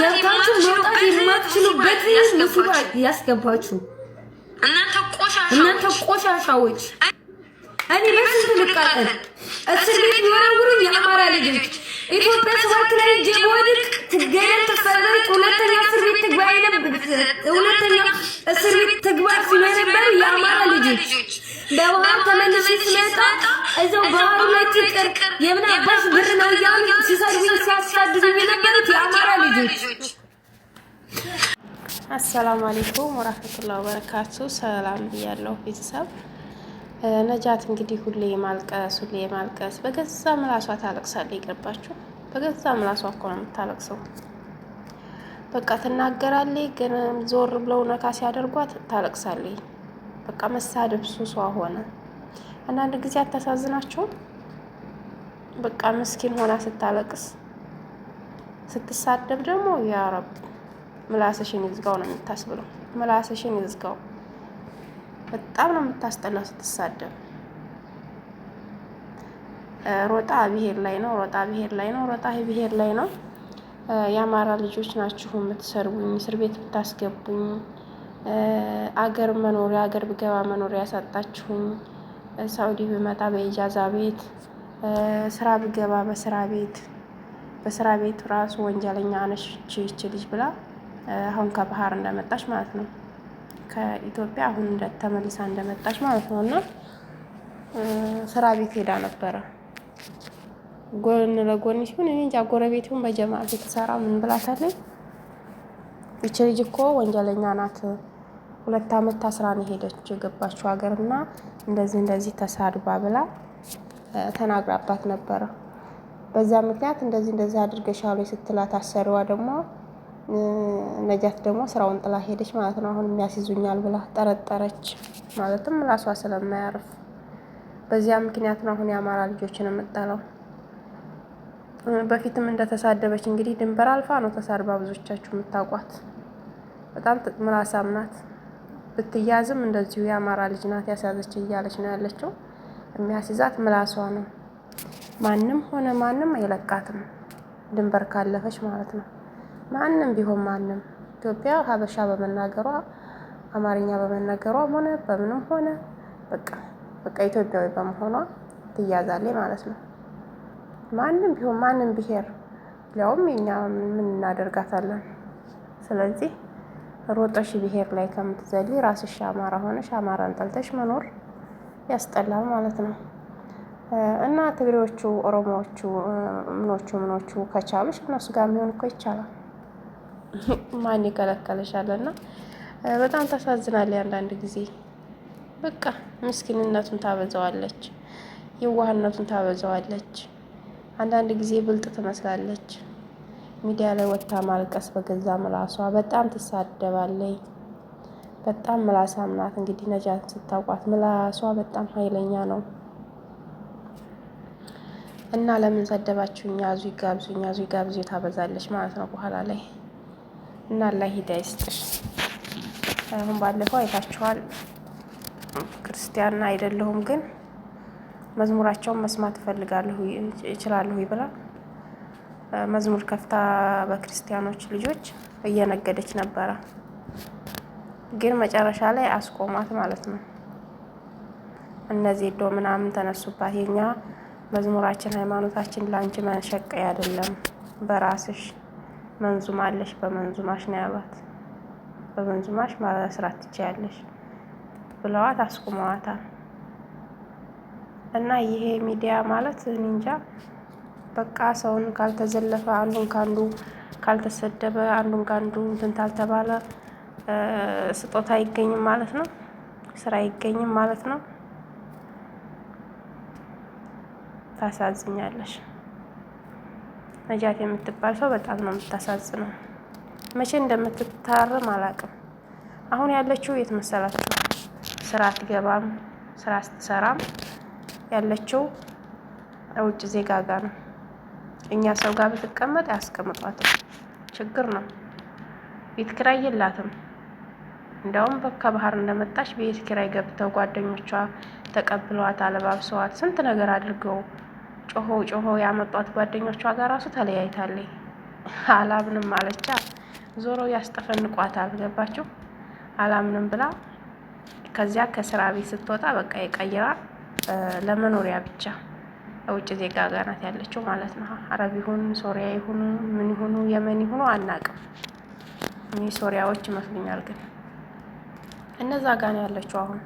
ገብታችሁ መውጣት የማትችሉበት ሙሲባት ያስገባችሁ እናንተ ቆሻሻዎች። እኔ በስንት ልቃጠል? እስር ቤት ይወረውሩኝ የአማራ ልጆች ኢትዮጵያ ሰባት ላይ እጄ በወድቅ ትገኛል ተሰበር ሁለተኛ እስር ቤት ትግባ ሁለተኛ እስር ቤት ትግባ ሲሉ የነበሩ የአማራ ልጆች በባህር ተመልሼ ስመጣ እዛው ባህሩ ላይ ትቅር የምን አባሽ ብር ነው እያሉ ሲሰርቡኝ ሲያሳድዱኝ የነበሩት የአማራ ልጆች። አሰላሙ አሌይኩም ወራህመቱላሂ ወበረካቱ። ሰላም ብያለሁ ቤተሰብ። ነጃት እንግዲህ ሁሌ ማልቀስ ሁሌ ማልቀስ፣ በገዛ ምላሷ ታለቅሳለች። ይቅርባችሁ፣ በገዛ ምላሷ እኮ ነው የምታለቅሰው። በቃ ትናገራለች፣ ግን ዞር ብለው ነካ ሲያደርጓት ታለቅሳለች። በቃ መሳደብ ሱሷ ሆነ። አንዳንድ ጊዜ አታሳዝናቸውም? በቃ ምስኪን ሆና ስታለቅስ ስትሳደብ ደግሞ ያ ረብ ምላስሽን ይዝጋው ነው የምታስብለው። ምላስሽን ይዝጋው። በጣም ነው የምታስጠላው ስትሳደብ። ሮጣ ብሄር ላይ ነው፣ ሮጣ ብሄር ላይ ነው፣ ሮጣ ብሄር ላይ ነው። የአማራ ልጆች ናችሁ የምትሰርቡኝ፣ እስር ቤት የምታስገቡኝ አገር መኖሪያ አገር ብገባ መኖሪያ ያሳጣችሁኝ፣ ሳውዲ ብመጣ በኢጃዛ ቤት፣ ስራ ብገባ በስራ ቤት በስራ ቤት ራሱ ወንጀለኛ አነሽች ልጅ ብላ አሁን ከባህር እንደመጣች ማለት ነው። ከኢትዮጵያ አሁን ተመልሳ እንደመጣች ማለት ነው። እና ስራ ቤት ሄዳ ነበረ ጎን ለጎን ሲሆን እኔ እንጃ ጎረቤቱን በጀማ ቤት ሰራ ምን ብላታለኝ፣ ይች ልጅ እኮ ወንጀለኛ ናት ሁለት አመት ታስራ ነው የሄደችው የገባችው ሀገር እና እንደዚህ እንደዚህ ተሳድባ ብላ ተናግራባት ነበረ። በዛ ምክንያት እንደዚህ እንደዚህ አድርገሻሉ ስትላት አሰሪዋ ደግሞ ነጃት ደግሞ ስራውን ጥላ ሄደች ማለት ነው። አሁን የሚያስይዙኛል ብላ ጠረጠረች። ማለትም ራሷ ስለማያርፍ በዚያ ምክንያት ነው አሁን የአማራ ልጆችን የምጠለው። በፊትም እንደተሳደበች እንግዲህ ድንበር አልፋ ነው ተሳድባ ብዙዎቻችሁ የምታውቋት። በጣም ምላሳም ናት። ብትያዝም እንደዚሁ የአማራ ልጅ ናት ያስያዘች እያለች ነው ያለችው። የሚያስይዛት ምላሷ ነው። ማንም ሆነ ማንም አይለቃትም፣ ድንበር ካለፈች ማለት ነው። ማንም ቢሆን ማንም ኢትዮጵያ ሀበሻ በመናገሯ አማርኛ በመናገሯም ሆነ በምንም ሆነ በቃ በቃ ኢትዮጵያዊ በመሆኗ ትያዛለች ማለት ነው። ማንም ቢሆን ማንም ብሄር ሊያውም የኛ ምን እናደርጋታለን? ስለዚህ ሮጠሽ ብሄር ላይ ከምትዘሊ ራስሽ አማራ ሆነሽ አማራን ጠልተሽ መኖር ያስጠላል ማለት ነው። እና ትግሬዎቹ፣ ኦሮሞዎቹ፣ ምኖቹ ምኖቹ ከቻሉሽ እነሱ ጋር የሚሆን እኮ ይቻላል። ማን ይከለከለሻል? እና በጣም ታሳዝናል። አንዳንድ ጊዜ በቃ ምስኪንነቱን ታበዛዋለች፣ የዋህነቱን ታበዛዋለች። አንዳንድ ጊዜ ብልጥ ትመስላለች። ሚዲያ ላይ ወጥታ ማልቀስ በገዛ ምላሷ በጣም ትሳደባለይ በጣም ምላሳም ናት። እንግዲህ ነጃት ስታውቋት ምላሷ በጣም ኃይለኛ ነው እና ለምን ሰደባችሁኝ? አዙ ይጋብዙኝ፣ አዙ ይጋብዙ ታበዛለች ማለት ነው በኋላ ላይ እና አላህ ሂዳ ይስጥሽ። አሁን ባለፈው አይታችኋል። ክርስቲያን አይደለሁም ግን መዝሙራቸውን መስማት እፈልጋለሁ እችላለሁ ይብላል መዝሙር ከፍታ በክርስቲያኖች ልጆች እየነገደች ነበረ። ግን መጨረሻ ላይ አስቆማት ማለት ነው። እነዚህ ዶ ምናምን ተነሱባት። የኛ መዝሙራችን ሃይማኖታችን ለአንቺ መሸቀያ አይደለም፣ በራስሽ መንዙማ አለሽ፣ በመንዙማሽ ነው ያሏት። በመንዙማሽ መስራት ትችያለሽ ብለዋት አስቁመዋታል። እና ይሄ ሚዲያ ማለት እንጃ በቃ ሰውን ካልተዘለፈ አንዱን ካንዱ ካልተሰደበ አንዱን ካንዱ እንትን ካልተባለ ስጦታ አይገኝም ማለት ነው። ስራ አይገኝም ማለት ነው። ታሳዝኛለሽ። ነጃት የምትባል ሰው በጣም ነው የምታሳዝነው። መቼ እንደምትታረም አላውቅም። አሁን ያለችው የት መሰላችሁ? ስራ አትገባም፣ ስራ ስትሰራም ያለችው ውጭ ዜጋ ጋር ነው። እኛ ሰው ጋር ብትቀመጥ አያስቀምጧትም። ችግር ነው። ቤት ኪራይ የላትም። እንዲያውም ከባህር እንደመጣች ቤት ኪራይ ገብተው ጓደኞቿ ተቀብለዋት አለባብሰዋት ስንት ነገር አድርገው ጮሆ ጮሆ ያመጧት ጓደኞቿ ጋር ራሱ ተለያይታለኝ አላምንም አለቻ። ዞሮ ያስጠፈንቋታል። ገባችሁ? አላምንም ብላ ከዚያ ከስራ ቤት ስትወጣ በቃ የቀይራ ለመኖሪያ ብቻ ውጭ ዜጋ ጋር ናት ያለችው ማለት ነው። አረብ ይሁን ሶሪያ ይሁኑ ምን ይሁኑ የመን ይሁኑ አናቅም። እኔ ሶሪያዎች ይመስሉኛል፣ ግን እነዛ ጋር ነው ያለችው አሁን።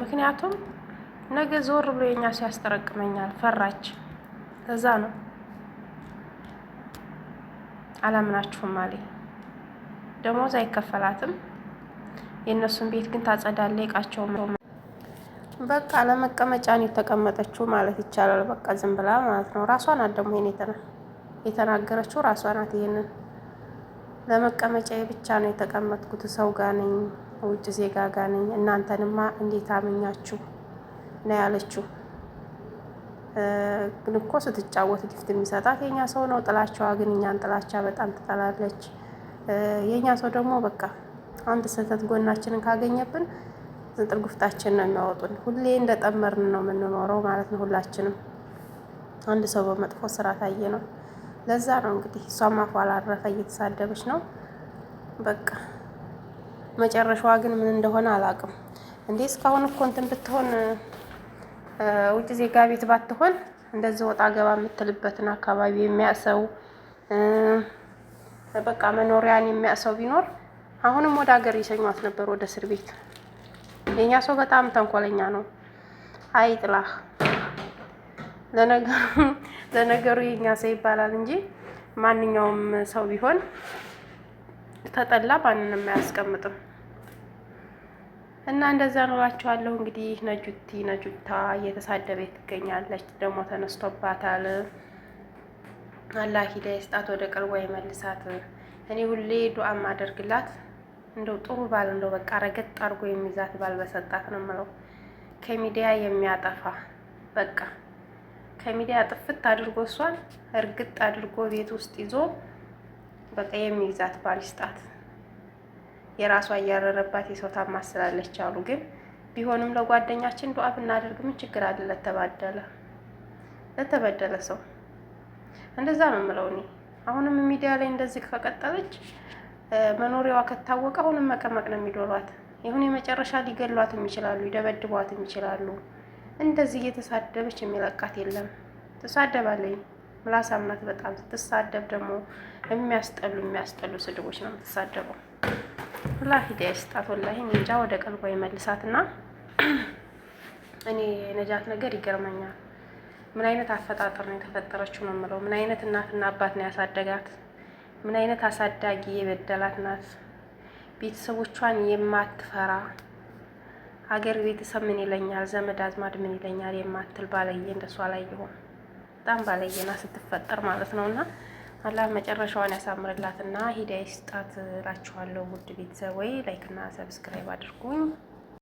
ምክንያቱም ነገ ዞር ብሎ የኛ ሰው ያስጠረቅመኛል ፈራች። እዛ ነው አላምናችሁም አለ። ደሞዝ አይከፈላትም። የእነሱን ቤት ግን ታጸዳለ እቃቸው በቃ ለመቀመጫ ነው የተቀመጠችው ማለት ይቻላል። በቃ ዝም ብላ ማለት ነው። ራሷ ናት ደግሞ ይሄን የተናገረችው ራሷ ናት። ይሄንን ለመቀመጫ ብቻ ነው የተቀመጥኩት፣ ሰው ጋነኝ ነኝ፣ ውጭ ዜጋ ጋነኝ ነኝ። እናንተንማ እንዴት አመኛችሁ ነው ያለችው። ግን እኮ ስትጫወት ጊፍት የሚሰጣት የኛ ሰው ነው። ጥላቻዋ ግን እኛን ጥላቻ በጣም ትጠላለች። የኛ ሰው ደግሞ በቃ አንድ ስህተት ጎናችንን ካገኘብን ዝንጥል ጉፍታችን ነው የሚያወጡን። ሁሌ እንደጠመርን ነው የምንኖረው ማለት ነው ሁላችንም። አንድ ሰው በመጥፎ ስራ ታየ ነው። ለዛ ነው እንግዲህ እሷም አፏ አላረፈ እየተሳደበች ነው። በቃ መጨረሻዋ ግን ምን እንደሆነ አላውቅም። እንዴ እስካሁን እኮ እንትን ብትሆን ውጭ ዜጋ ቤት ባትሆን እንደዚህ ወጣ ገባ የምትልበትን አካባቢ የሚያሰው በቃ መኖሪያን የሚያሰው ቢኖር አሁንም ወደ ሀገር ይሰኟት ነበር ወደ እስር ቤት። የኛ ሰው በጣም ተንኮለኛ ነው። አይጥላህ ለነገሩ የኛ ሰው ይባላል እንጂ ማንኛውም ሰው ቢሆን ተጠላ ማንንም አያስቀምጥም። እና እንደዛ ኖራችኋለሁ። እንግዲህ ነጁቲ ነጁታ እየተሳደበ ትገኛለች። ደግሞ ተነስቶባታል። አላህ ሂዳያ ስጣት፣ ወደ ቅርቧ ይመልሳት። እኔ ሁሌ ዱዓ ማደርግላት እንደው ጥሩ ባል እንደው በቃ ረገጥ አድርጎ የሚይዛት ባል በሰጣት ነው የምለው። ከሚዲያ የሚያጠፋ በቃ ከሚዲያ ጥፍት አድርጎ እሷን እርግጥ አድርጎ ቤት ውስጥ ይዞ በቃ የሚይዛት ባል ይስጣት። የራሷ እያረረባት የሰው ታማስላለች አሉ። ግን ቢሆንም ለጓደኛችን ዱአ ብናደርግ ምን ችግር አለ? ለተባደለ ለተበደለ ሰው እንደዛ ነው የምለው እኔ። አሁንም ሚዲያ ላይ እንደዚህ ከቀጠለች መኖሪያዋ ከታወቀ አሁንም መቀመቅ ነው የሚዶሯት። ይሁን የመጨረሻ ሊገሏትም ይችላሉ፣ ይደበድቧትም ይችላሉ። እንደዚህ እየተሳደበች የሚለቃት የለም። ትሳደባለኝ ምላሳምናት በጣም ስትሳደብ ደግሞ የሚያስጠሉ የሚያስጠሉ ስድቦች ነው የምትሳደበው። ሁላ ሂዳ ይስጣት፣ ወላሂ እንጃ ወደ ቀልቧ ይመልሳት እና እኔ ነጃት ነገር ይገርመኛል። ምን አይነት አፈጣጠር ነው የተፈጠረችው ነው የምለው። ምን አይነት እናትና አባት ነው ያሳደጋት ምን አይነት አሳዳጊ የበደላት ናት። ቤተሰቦቿን የማትፈራ ሀገር ቤተሰብ ምን ይለኛል፣ ዘመድ አዝማድ ምን ይለኛል የማትል ባለየ እንደሷ ላይ ይሆን በጣም ባለየና ስትፈጠር ማለት ነው። እና አላህ መጨረሻዋን ያሳምርላትና ሂዳይ ስጣት እላችኋለሁ። ውድ ቤተሰብ ወይ ላይክና ሰብስክራይብ አድርጉኝ።